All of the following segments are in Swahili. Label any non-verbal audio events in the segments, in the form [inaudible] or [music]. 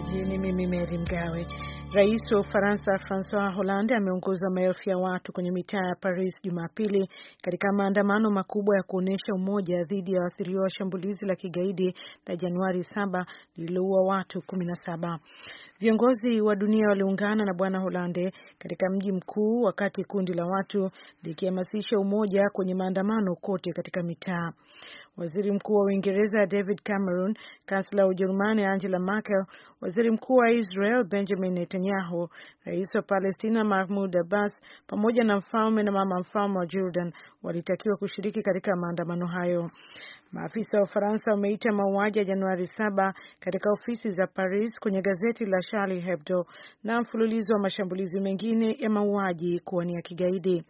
msomaji ni mimi Mary Mgawe. Rais wa Ufaransa Francois Hollande ameongoza maelfu ya watu kwenye mitaa ya Paris Jumapili katika maandamano makubwa ya kuonyesha umoja dhidi ya waathiriwa wa shambulizi la kigaidi la Januari saba lililoua watu kumi na saba. Viongozi wa dunia waliungana na Bwana Hollande katika mji mkuu, wakati kundi la watu likihamasisha umoja kwenye maandamano kote katika mitaa waziri mkuu wa Uingereza David Cameron, kansela wa Ujerumani Angela Merkel, waziri mkuu wa Israel Benjamin Netanyahu, rais wa Palestina Mahmud Abbas, pamoja na mfalme na mama mfalme wa Jordan walitakiwa kushiriki katika maandamano hayo. Maafisa wa Ufaransa wameita mauaji ya Januari saba katika ofisi za Paris kwenye gazeti la Charlie Hebdo na mfululizo wa mashambulizi mengine ya mauaji kuwa ni ya kigaidi.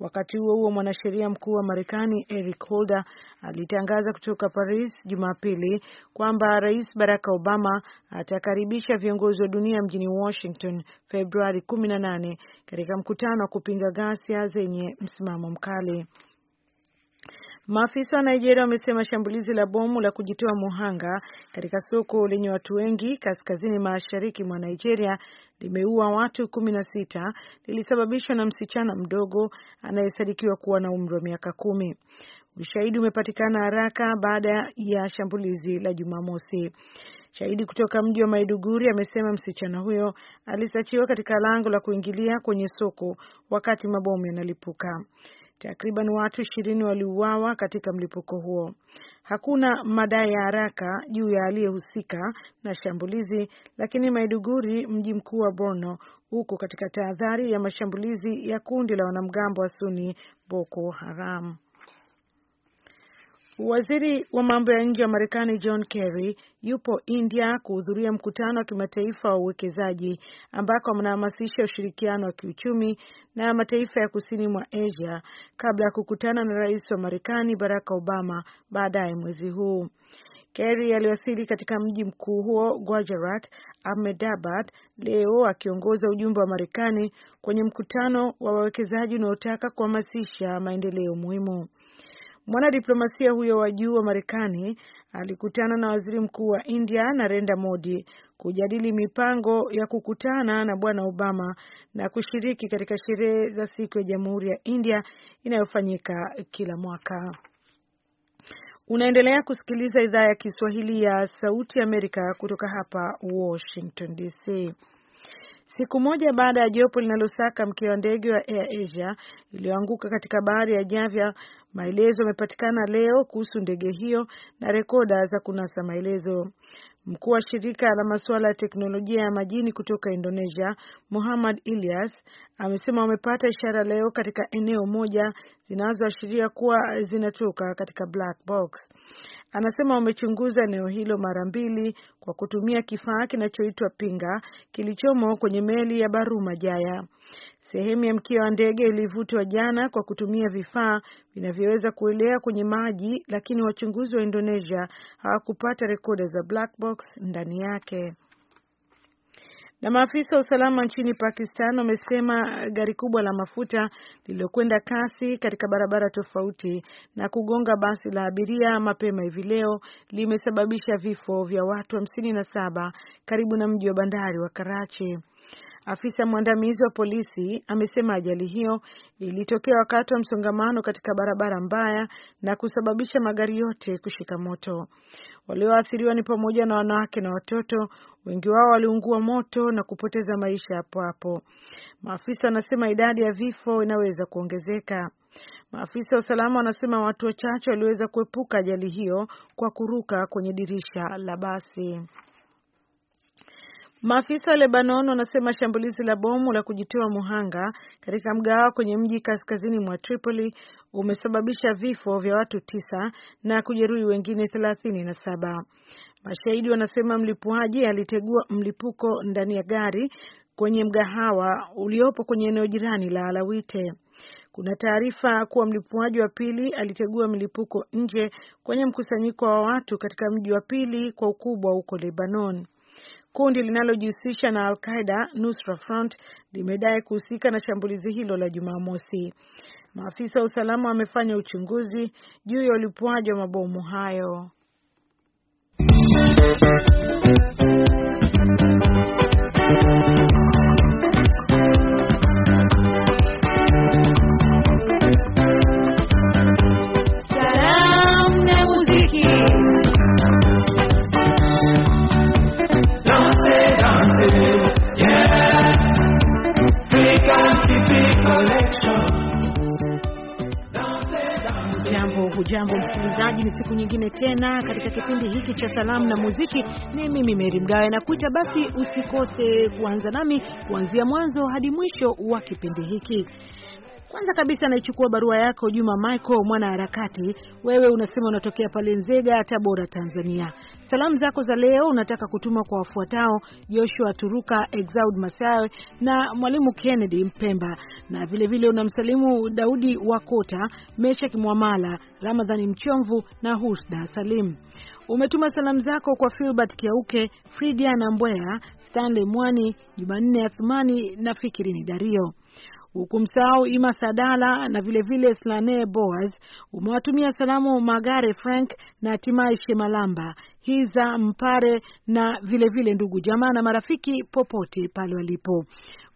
Wakati huo huo, mwanasheria mkuu wa Marekani Eric Holder alitangaza kutoka Paris Jumapili kwamba Rais Barack Obama atakaribisha viongozi wa dunia mjini Washington Februari 18 katika mkutano wa kupinga ghasia zenye msimamo mkali. Maafisa wa Nigeria wamesema shambulizi la bomu la kujitoa muhanga katika soko lenye watu wengi kaskazini mashariki mwa Nigeria limeua watu kumi na sita lilisababishwa na msichana mdogo anayesadikiwa kuwa na umri wa miaka kumi. Ushahidi umepatikana haraka baada ya shambulizi la Jumamosi. Shahidi kutoka mji wa Maiduguri amesema msichana huyo alisachiwa katika lango la kuingilia kwenye soko wakati mabomu yanalipuka. Takriban watu ishirini waliuawa katika mlipuko huo. Hakuna madai ya haraka juu ya aliyehusika na shambulizi, lakini Maiduguri, mji mkuu wa Borno, huko katika tahadhari ya mashambulizi ya kundi la wanamgambo wa Suni Boko Haram. Waziri wa mambo ya nje wa Marekani John Kerry yupo India kuhudhuria mkutano wa kimataifa wa uwekezaji ambako wanahamasisha ushirikiano wa kiuchumi na mataifa ya kusini mwa Asia kabla ya kukutana na rais wa Marekani Barack Obama baadaye mwezi huu. Kerry aliwasili katika mji mkuu huo Gujarat, Ahmedabad, leo akiongoza ujumbe wa Marekani kwenye mkutano wa wawekezaji unaotaka kuhamasisha maendeleo muhimu. Mwanadiplomasia huyo wa juu wa Marekani alikutana na waziri mkuu wa India Narendra Modi kujadili mipango ya kukutana na bwana Obama na kushiriki katika sherehe za siku ya Jamhuri ya India inayofanyika kila mwaka. Unaendelea kusikiliza idhaa ya Kiswahili ya Sauti Amerika kutoka hapa Washington DC siku moja baada ya jopo linalosaka mkia wa ndege wa Air Asia iliyoanguka katika bahari ya Java. Maelezo yamepatikana leo kuhusu ndege hiyo na rekoda za kunasa maelezo. Mkuu wa shirika la masuala ya teknolojia ya majini kutoka Indonesia, Muhammad Ilyas, amesema wamepata ishara leo katika eneo moja zinazoashiria kuwa zinatoka katika black box. Anasema wamechunguza eneo hilo mara mbili kwa kutumia kifaa kinachoitwa pinga kilichomo kwenye meli ya Baruma Jaya. Sehemu ya mkia wa ndege ilivutwa jana kwa kutumia vifaa vinavyoweza kuelea kwenye maji, lakini wachunguzi wa Indonesia hawakupata rekodi za black box ndani yake. Na maafisa wa usalama nchini Pakistan wamesema gari kubwa la mafuta lililokwenda kasi katika barabara tofauti na kugonga basi la abiria mapema hivi leo limesababisha vifo vya watu hamsini na saba karibu na mji wa bandari wa Karachi. Afisa mwandamizi wa polisi amesema ajali hiyo ilitokea wakati wa msongamano katika barabara mbaya na kusababisha magari yote kushika moto. Walioathiriwa ni pamoja na wanawake na watoto, wengi wao waliungua moto na kupoteza maisha hapo hapo. Maafisa wanasema idadi ya vifo inaweza kuongezeka. Maafisa wa usalama wanasema watu wachache waliweza kuepuka ajali hiyo kwa kuruka kwenye dirisha la basi. Maafisa wa Lebanon wanasema shambulizi la bomu la kujitoa muhanga katika mgahawa kwenye mji kaskazini mwa Tripoli umesababisha vifo vya watu tisa na kujeruhi wengine thelathini na saba. Mashahidi wanasema mlipuaji alitegua mlipuko ndani ya gari kwenye mgahawa uliopo kwenye eneo jirani la Alawite. Kuna taarifa kuwa mlipuaji wa pili alitegua mlipuko nje kwenye mkusanyiko wa watu katika mji wa pili kwa ukubwa huko Lebanon. Kundi linalojihusisha na al Nusra Front limedai kuhusika na shambulizi hilo la Jumamosi. Maafisa wa usalama wamefanya uchunguzi juu ya ulipuaji wa mabomu hayo. Hujambo msikilizaji, ni siku nyingine tena katika kipindi hiki cha salamu na muziki. Ni mimi Meri Mgawe nakuita, basi usikose kuanza nami kuanzia mwanzo hadi mwisho wa kipindi hiki. Kwanza kabisa naichukua barua yako Juma Michael harakati Wewe unasema unatokea pale Nzega, Tabora, Tanzania. Salamu zako za leo unataka kutuma kwa wafuatao: Joshua Turuka, Exaud Masawe na Mwalimu Kennedy Mpemba, na vilevile unamsalimu Daudi Wakota, Meshek Mwamala, Ramadhani Mchomvu na Husda Salim. Umetuma salamu zako kwa Filbert Kiauke, Fridiana Mbwea, Stanley Mwani, Jumanne Athumani na Fikirini Dario huku msahau Ima Sadala na vilevile Slane Boas. Umewatumia salamu Magare Frank na Timai Shemalamba Hiza Mpare na vilevile vile ndugu jamaa na marafiki popote pale walipo.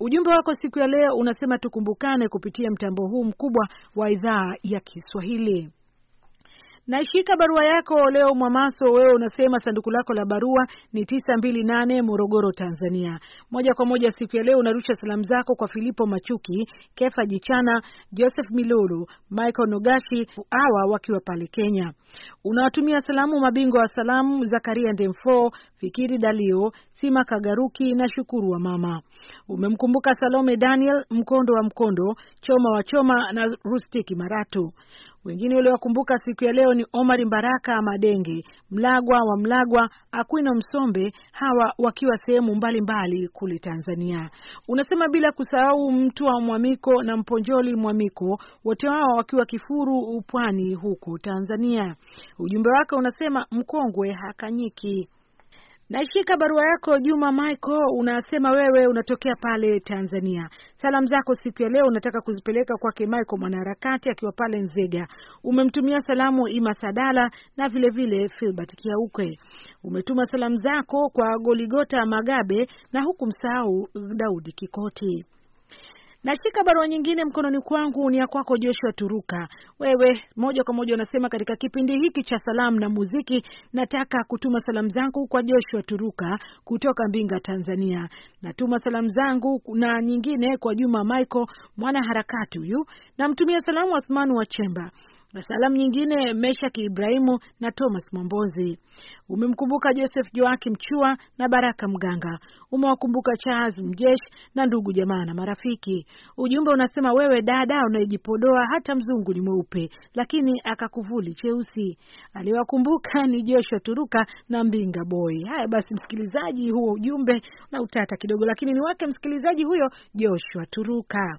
Ujumbe wako siku ya leo unasema tukumbukane kupitia mtambo huu mkubwa wa idhaa ya Kiswahili. Naishika barua yako leo Mwamaso, wewe unasema sanduku lako la barua ni 928 Morogoro, Tanzania. Moja kwa moja siku ya leo unarusha salamu zako kwa Filipo Machuki, Kefa Jichana, Joseph Milulu, Michael Nogashi, awa wakiwa pale Kenya. Unawatumia salamu mabingwa wa salamu Zakaria Ndemfo, Fikiri Dalio, Sima Kagaruki na Shukuru wa mama. Umemkumbuka Salome Daniel Mkondo wa Mkondo, Choma wa Choma na Rustiki Maratu. Wengine waliowakumbuka siku ya leo ni Omar Mbaraka Madenge, Mlagwa wa Mlagwa, Akwino Msombe, hawa wakiwa sehemu mbalimbali kule Tanzania. Unasema bila kusahau mtu wa Mwamiko na Mponjoli Mwamiko, wote wao wakiwa Kifuru upwani huko Tanzania. Ujumbe wake unasema mkongwe hakanyiki. Naishika barua yako Juma Michael, unasema wewe unatokea pale Tanzania. Salamu zako siku ya leo unataka kuzipeleka kwake Michael mwanaharakati akiwa pale Nzega. Umemtumia salamu Ima Sadala na vilevile Filbert Kiaukwe. Umetuma salamu zako kwa Goligota Magabe na huku msahau Daudi Kikoti. Nashika barua nyingine mkononi kwangu, ni ya kwako Joshua Turuka. Wewe moja kwa moja unasema katika kipindi hiki cha salamu na muziki, nataka kutuma salamu zangu kwa Joshua Turuka kutoka Mbinga, Tanzania. Natuma salamu zangu na nyingine kwa Juma Michael, mwana harakati huyu. Namtumia salamu Athmani wa Chemba, na salamu nyingine mesha Ibrahimu na Thomas Mombozi. Umemkumbuka Joseph joaki mchua na Baraka Mganga. Umewakumbuka Charles Mjesh na ndugu jamaa na marafiki. Ujumbe unasema wewe dada unayejipodoa hata mzungu ni mweupe, lakini akakuvuli cheusi. Aliwakumbuka [laughs] ni Joshua Turuka na Mbinga Boy. Haya basi, msikilizaji, huo ujumbe na utata kidogo, lakini ni wake msikilizaji huyo Joshua Turuka.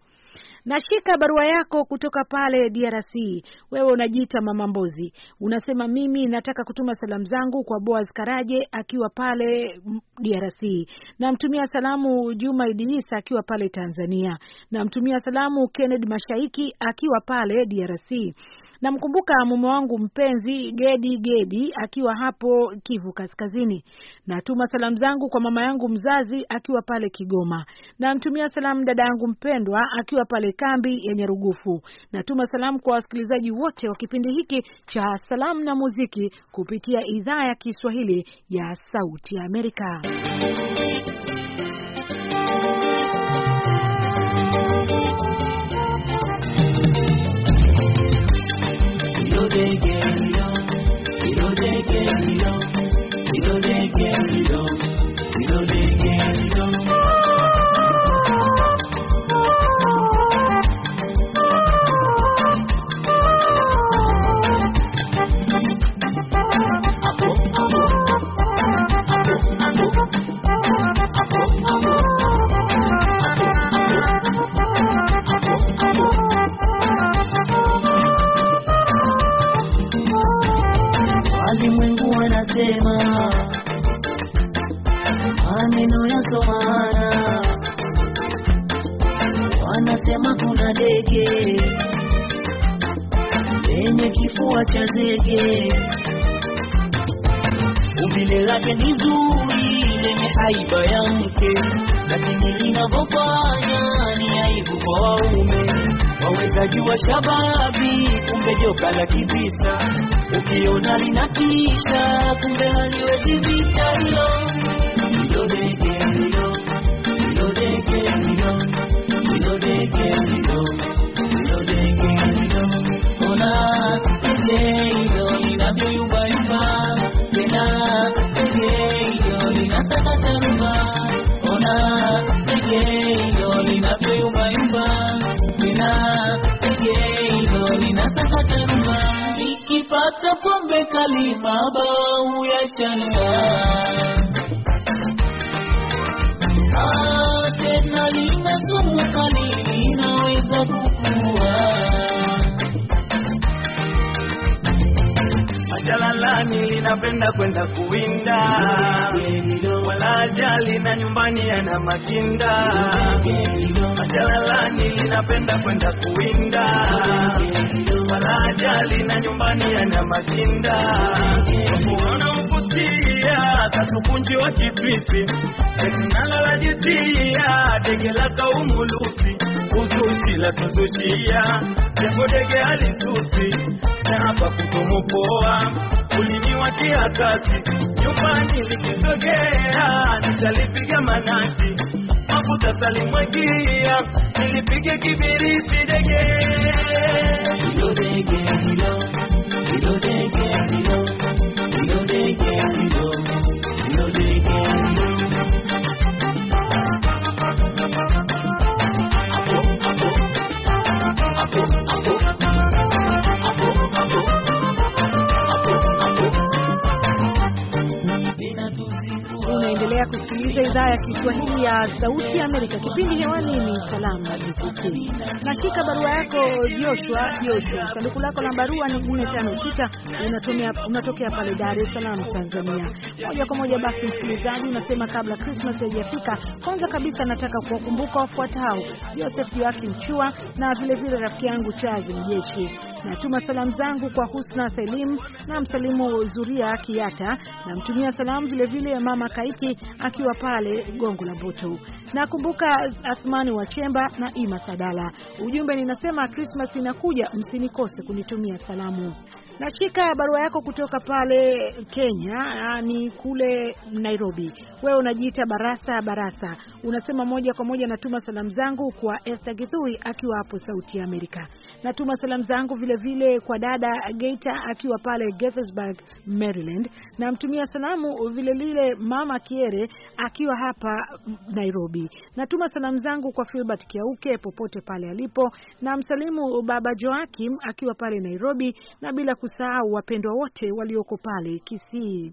Nashika barua yako kutoka pale DRC. Wewe unajiita Mama Mbozi, unasema mimi nataka kutuma salamu zangu kwa Boaz Karaje akiwa pale DRC, namtumia salamu Juma Idinisa akiwa pale Tanzania, namtumia salamu Kennedy Mashaiki akiwa pale DRC. Namkumbuka mume wangu mpenzi Gedi Gedi akiwa hapo Kivu Kaskazini. Natuma salamu zangu kwa mama yangu mzazi akiwa pale Kigoma. Namtumia salamu dada yangu mpendwa akiwa pale Kambi Yenye Rugufu. Natuma salamu kwa wasikilizaji wote wa kipindi hiki cha Salamu na Muziki kupitia idhaa ya Kiswahili ya Sauti ya Amerika. kalima bawuyacana ah, tena linazunguka linaweza kukua ajalalani linapenda kwenda kuwinda la ajali na nyumbani yana makinda, jalalani linapenda kwenda kuwinda. Wala ajali na nyumbani yana makinda, kuona mkusia katukunji wa kitwipi, etinalala jisia dege la kaumulupi, uzushi la tuzushia jengo dege alitusi na hapa kutomupoa ulimiwa kati nyumbani nikisogea, nitalipiga manati, mafuta talimwagia, nilipige kibiriti dege kusikiliza idhaa ya Kiswahili ya Sauti ya Amerika. Kipindi hewani ni salamu na muziki. Nashika barua yako Joshua. Joshua, sanduku lako la barua ni 456 unatumia, unatokea pale Dar es Salaam, Tanzania. Moja kwa moja basi, msikilizaji, unasema kabla Krismasi haijafika, kwanza kabisa nataka kuwakumbuka wafuatao: Joseph Yaki mchua na vilevile rafiki yangu Chazi Mjeshi Natuma salamu zangu kwa Husna Selim na msalimu Zuria Kiata, namtumia salamu vilevile ya mama Kaiki akiwa pale Gongo la Mboto. Nakumbuka Asmani wa Chemba na Ima Sadala. Ujumbe ninasema Krismas inakuja, msinikose kunitumia salamu. Nashika barua yako kutoka pale Kenya, ah, ni kule Nairobi. Wewe unajiita Barasa Barasa, unasema moja kwa moja, natuma salamu zangu kwa Esther Githui akiwa hapo Sauti ya Amerika. Natuma salamu zangu vile vile kwa dada Geita akiwa pale Gaithersburg, Maryland. Namtumia salamu vile vile mama Kiere akiwa hapa Nairobi. Natuma salamu zangu kwa Filbert Kiauke popote pale alipo, Namsalimu baba Joakim akiwa pale Nairobi, na bila kusahau wapendwa wote walioko pale Kisii.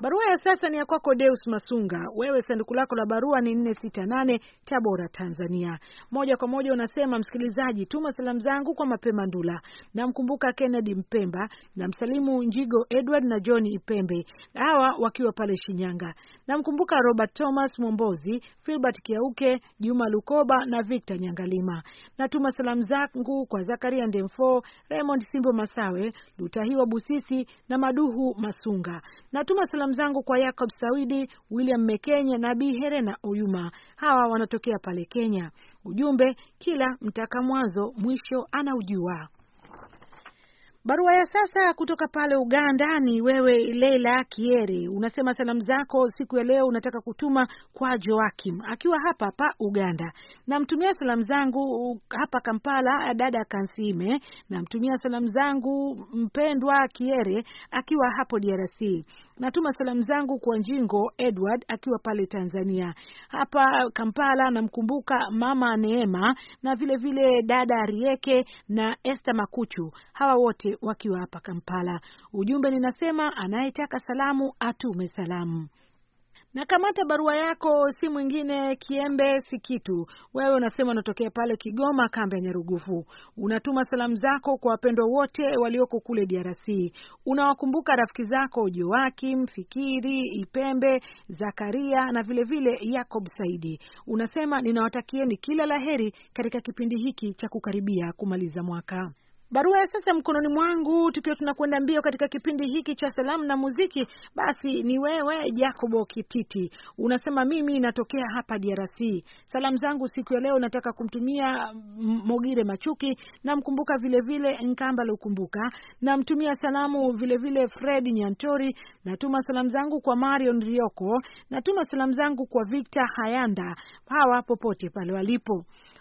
Barua ya sasa ni ya kwako Deus Masunga. Wewe sanduku lako la barua ni 468 Tabora, Tanzania. Moja kwa moja unasema, msikilizaji, tuma salamu zangu kwa Mapema Ndula, namkumbuka Kennedy Mpemba na msalimu Njigo Edward na John Ipembe, hawa wakiwa pale Shinyanga. Namkumbuka Robert Thomas Mombozi, Filbert Kiauke, Juma Lukoba na Victor Nyangalima. Natuma salamu zangu kwa Zakaria Ndemfo, Raymond Simbo Masawe, Lutahiwa Busisi na Maduhu Masunga. Natuma salamu zangu kwa Jacob Sawidi, William Mekenya na Bi Herena Oyuma. Hawa wanatokea pale Kenya. Ujumbe, kila mtaka mwanzo mwisho anaujua. Barua ya sasa kutoka pale Uganda ni wewe Leila Kieri, unasema salamu zako siku ya leo unataka kutuma kwa Joakim akiwa hapa hapa Uganda. Namtumia salamu zangu uh, hapa Kampala dada Kansime, namtumia salamu zangu mpendwa Kiere akiwa hapo DRC. Natuma salamu zangu kwa Njingo Edward akiwa pale Tanzania. Hapa Kampala namkumbuka mama Neema na vilevile vile dada Rieke na Esther Makuchu, hawa wote wake wakiwa hapa Kampala. Ujumbe ninasema, anayetaka salamu atume salamu. Na kamata barua yako, si mwingine Kiembe Sikitu. Wewe unasema unatokea pale Kigoma, kambi ya Nyarugufu. Unatuma salamu zako kwa wapendwa wote walioko kule DRC. Unawakumbuka rafiki zako Joakim Fikiri, Ipembe Zakaria na vilevile vile Yakob Saidi. Unasema ninawatakieni kila laheri katika kipindi hiki cha kukaribia kumaliza mwaka. Barua ya sasa mkononi mwangu, tukiwa tunakwenda mbio katika kipindi hiki cha salamu na muziki. Basi ni wewe Jacobo Kititi, unasema mimi natokea hapa DRC. Salamu zangu siku ya leo nataka kumtumia Mogire Machuki, namkumbuka vilevile Nkamba Lukumbuka, namtumia salamu vilevile vile Fred Nyantori, natuma salamu zangu kwa Marion Rioko, natuma salamu zangu kwa Victor Hayanda, hawa popote pale walipo.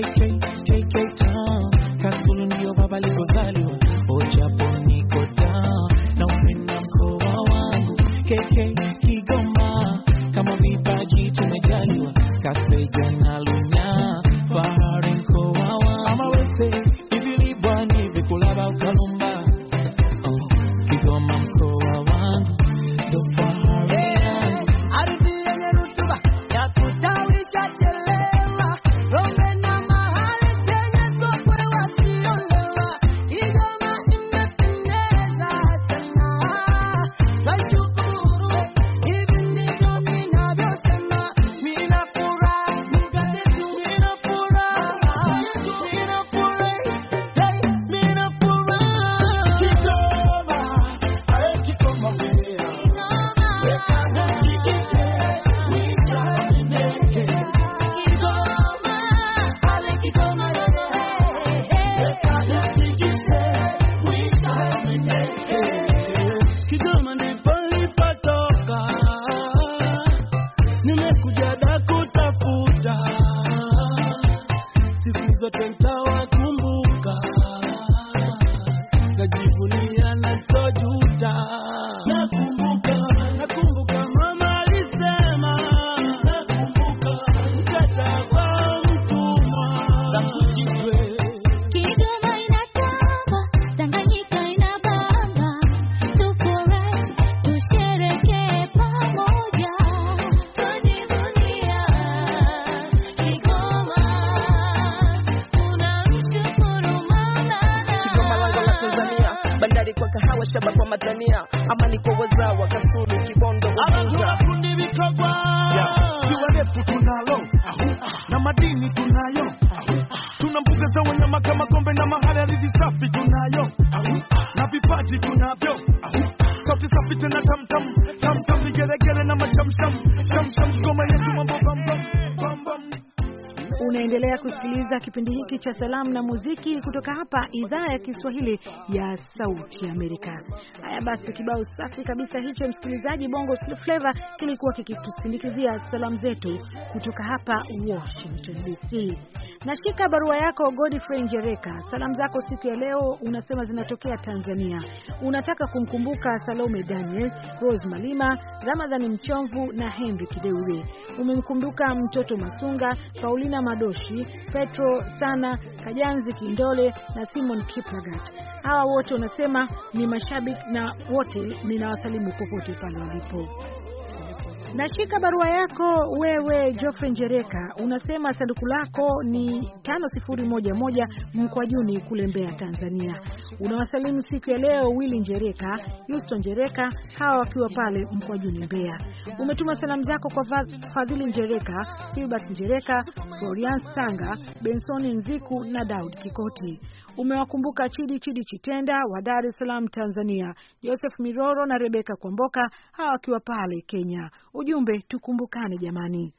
can Dafu tunalo na madini tunayo, tuna mbuga za wanyama kama kombe na mahali ardhi safi tunayo, na vipaji tunavyo, sauti safi tena tamtam tamtam, vigelegele na mashamsham Unaendelea kusikiliza kipindi hiki cha salamu na muziki kutoka hapa idhaa ya Kiswahili ya Sauti Amerika. Haya basi, kibao safi kabisa hicho, msikilizaji. Bongo Flava kilikuwa kikitusindikizia salamu zetu kutoka hapa Washington DC. Nashika barua yako Godfrey Njereka. Salamu zako siku ya leo unasema zinatokea Tanzania. Unataka kumkumbuka Salome Daniel, Rose Malima, Ramadhani Mchomvu na Henry Kideure. Umemkumbuka mtoto Masunga, Paulina Madoshi, Petro Sana, Kajanzi Kindole na Simon Kiplagat. Hawa wote unasema ni mashabiki na wote ninawasalimu popote pale walipo. Nashika barua yako wewe Geoffrey Njereka, unasema sanduku lako ni 5011 Mkwajuni kule Mbeya, Tanzania. Unawasalimu siku ya leo Willy Njereka, Houston Njereka, hawa wakiwa pale Mkwajuni Mbeya. Umetuma salamu zako kwa Fadhili Njereka, Hilbert Njereka, Florian Sanga, Benson Nziku na Daud Kikoti umewakumbuka Chidi Chidi Chitenda wa Dar es Salaam, Tanzania, Joseph Miroro na Rebeka Kwamboka, hawa wakiwa pale Kenya. Ujumbe, tukumbukane jamani.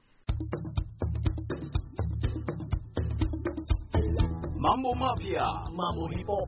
Mambo mapya, mambo hipo,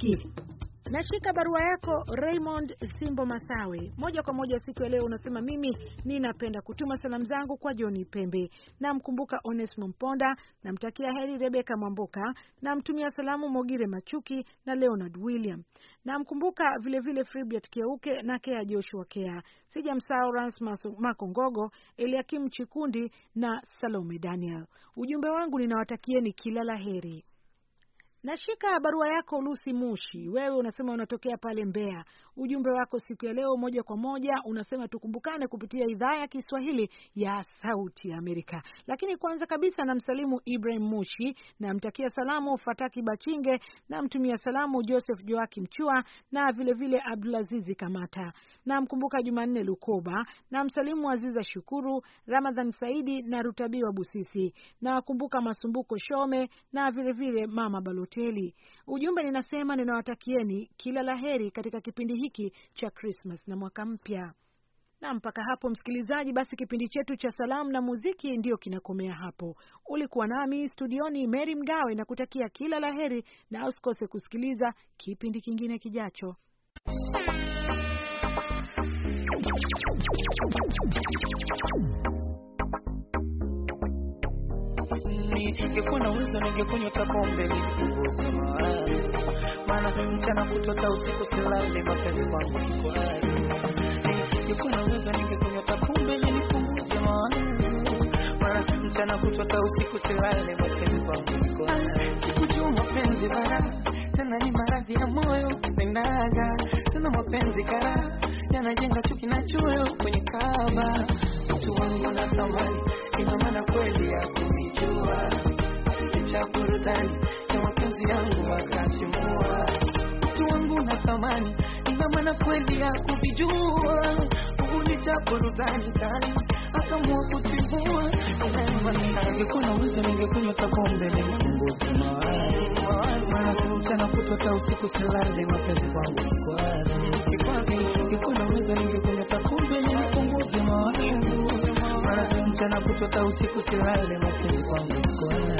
hiki. Nashika barua yako Raymond Simbo Masawe, moja kwa moja siku ya leo. Unasema mimi ninapenda kutuma salamu zangu kwa Johni Pembe, namkumbuka Onesmo Mponda, namtakia heri Rebeka Mwamboka, namtumia salamu Mogire Machuki na Leonard William, namkumbuka vilevile Fribiat Kiauke na Kea Joshua Kea, sijamsahau Rasmus Makongogo, Eliakim Chikundi na Salome Daniel. Ujumbe wangu ninawatakieni kila la heri. Nashika barua yako Lusi Mushi, wewe unasema unatokea pale Mbeya. Ujumbe wako siku ya leo moja kwa moja unasema tukumbukane kupitia idhaa ya Kiswahili ya Sauti ya Amerika. Lakini kwanza kabisa namsalimu Ibrahim Mushi, namtakia salamu Fataki Bachinge, namtumia salamu Joseph Joaki Mchua na vilevile Abdulazizi Kamata, namkumbuka Jumanne Lukoba, namsalimu Aziza Shukuru, Ramadhan Saidi na Rutabiwa Busisi, nawakumbuka Masumbuko Shome na vilevile Mama Baloti hoteli. Ujumbe ninasema ninawatakieni kila laheri katika kipindi hiki cha Christmas na mwaka mpya. Na mpaka hapo, msikilizaji, basi kipindi chetu cha salamu na muziki ndiyo kinakomea hapo. Ulikuwa nami studioni Mary Mgawe na kutakia kila laheri, na usikose kusikiliza kipindi kingine kijacho. mimi ningekuwa na uwezo ningekunywa nyota pombe nipunguze maana mchana kutota usiku silale mapenzi kwangu kikwazo. Ningekuwa na uwezo ningekunywa nyota pombe nipunguze mawazo, maana mchana kutota usiku silale mapenzi kwangu kikwazo. Sikujua mapenzi bana tena ni maradhi ya moyo pendaga tena mapenzi kara yanajenga chuki na choyo kwenye kaba mtu wangu na thamani ina maana kweli ya kumijua, licha burudani ya mapenzi yangu wakatimua mtu wangu na thamani, ina maana kweli ya kuvijua, licha burudani tani akamua kutimua Ningekunywa uzo ningekunywa takombe nimepunguza mawazo, maana mchana kutota usiku silale, mapenzi kwangu kikwazo. Ningekunywa uzo ningekunywa takombe nimepunguza mawazo mchana kutota usiku silale, makini kwangu mkono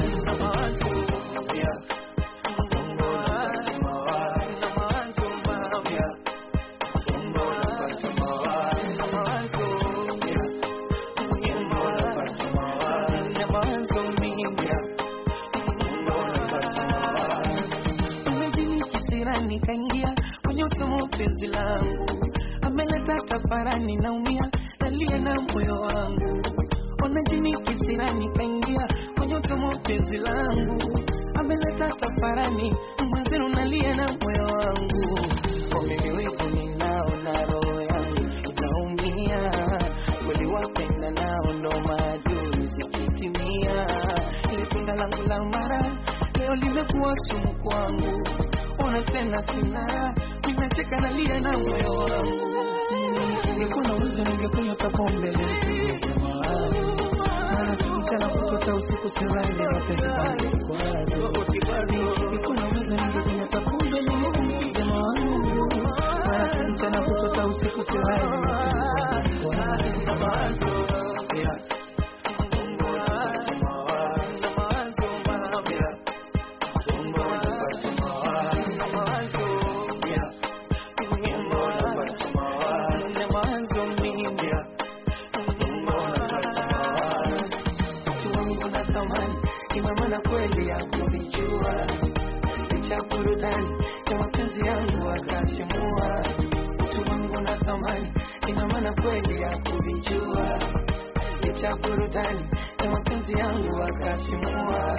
penzi langu ameleta tafarani, naumia, nalia na moyo wangu Majini kisirani kaingia kwenye utomo, penzi langu ameleta tafarani, mwenzenu nalia na moyo wangu. Mimi wetu ninaona roho yangu itaumia, waliwapenda nao ndo maadui zikitimia. Ile pinga langu la mara leo limekuwa sumu kwangu, ona tena sina, nimecheka nalia na moyo wangu. Ningekuwa na uwezo ningekunywa pombe कुछ रंग burudani, kama kazi yangu akasimua utu wangu na thamani, ina maana kweli ya kuvijua, licha burudani, kama kazi yangu akasimua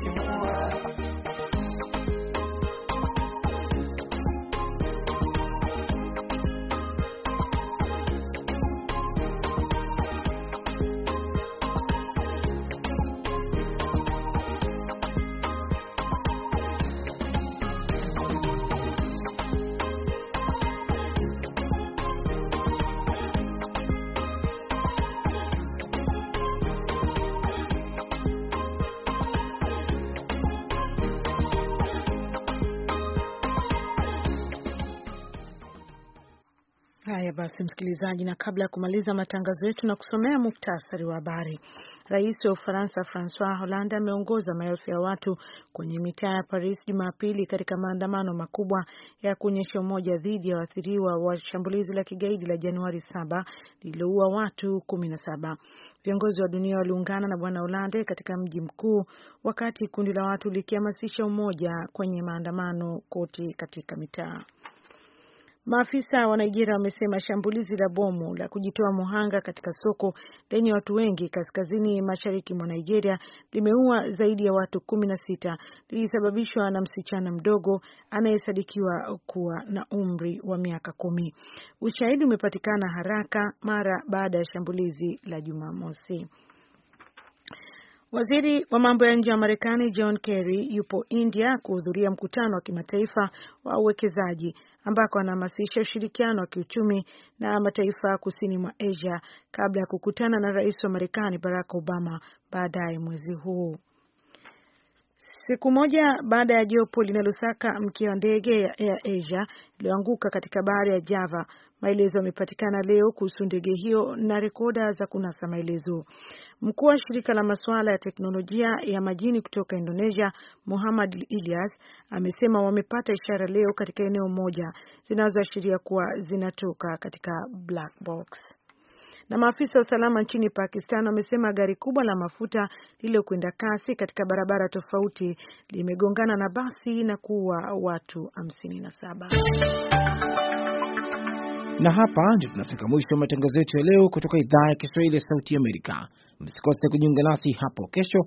心外。basi msikilizaji, na kabla ya kumaliza matangazo yetu na kusomea muktasari wa habari, rais wa Ufaransa Francois Hollande ameongoza maelfu ya watu kwenye mitaa ya Paris Jumapili katika maandamano makubwa ya kuonyesha umoja dhidi ya waathiriwa wa shambulizi la kigaidi la Januari saba lililoua watu kumi na saba. Viongozi wa dunia waliungana na bwana Hollande katika mji mkuu, wakati kundi la watu likihamasisha umoja kwenye maandamano kote katika mitaa Maafisa wa Nigeria wamesema shambulizi la bomu la kujitoa muhanga katika soko lenye watu wengi kaskazini mashariki mwa Nigeria limeua zaidi ya watu kumi na sita, lilisababishwa na msichana mdogo anayesadikiwa kuwa na umri wa miaka kumi. Ushahidi umepatikana haraka mara baada ya shambulizi la Jumamosi. Waziri wa mambo ya nje wa Marekani John Kerry yupo India kuhudhuria mkutano wa kimataifa wa uwekezaji ambako anahamasisha ushirikiano wa kiuchumi na mataifa kusini mwa Asia kabla ya kukutana na rais wa Marekani Barack Obama baadaye mwezi huu. Siku moja baada ya jopo linalosaka mkia wa ndege ya Air Asia iliyoanguka katika bahari ya Java, maelezo yamepatikana leo kuhusu ndege hiyo na rekoda za kunasa maelezo. Mkuu wa shirika la masuala ya teknolojia ya majini kutoka Indonesia, Muhammad Ilyas, amesema wamepata ishara leo katika eneo moja zinazoashiria kuwa zinatoka katika black box. Na maafisa wa usalama nchini Pakistan wamesema gari kubwa la mafuta lililokwenda kasi katika barabara tofauti limegongana na basi na kuua watu 57. Na hapa ndio tunafika mwisho wa matangazo yetu ya leo kutoka idhaa ya Kiswahili ya Sauti Amerika. Msikose kujiunga nasi hapo kesho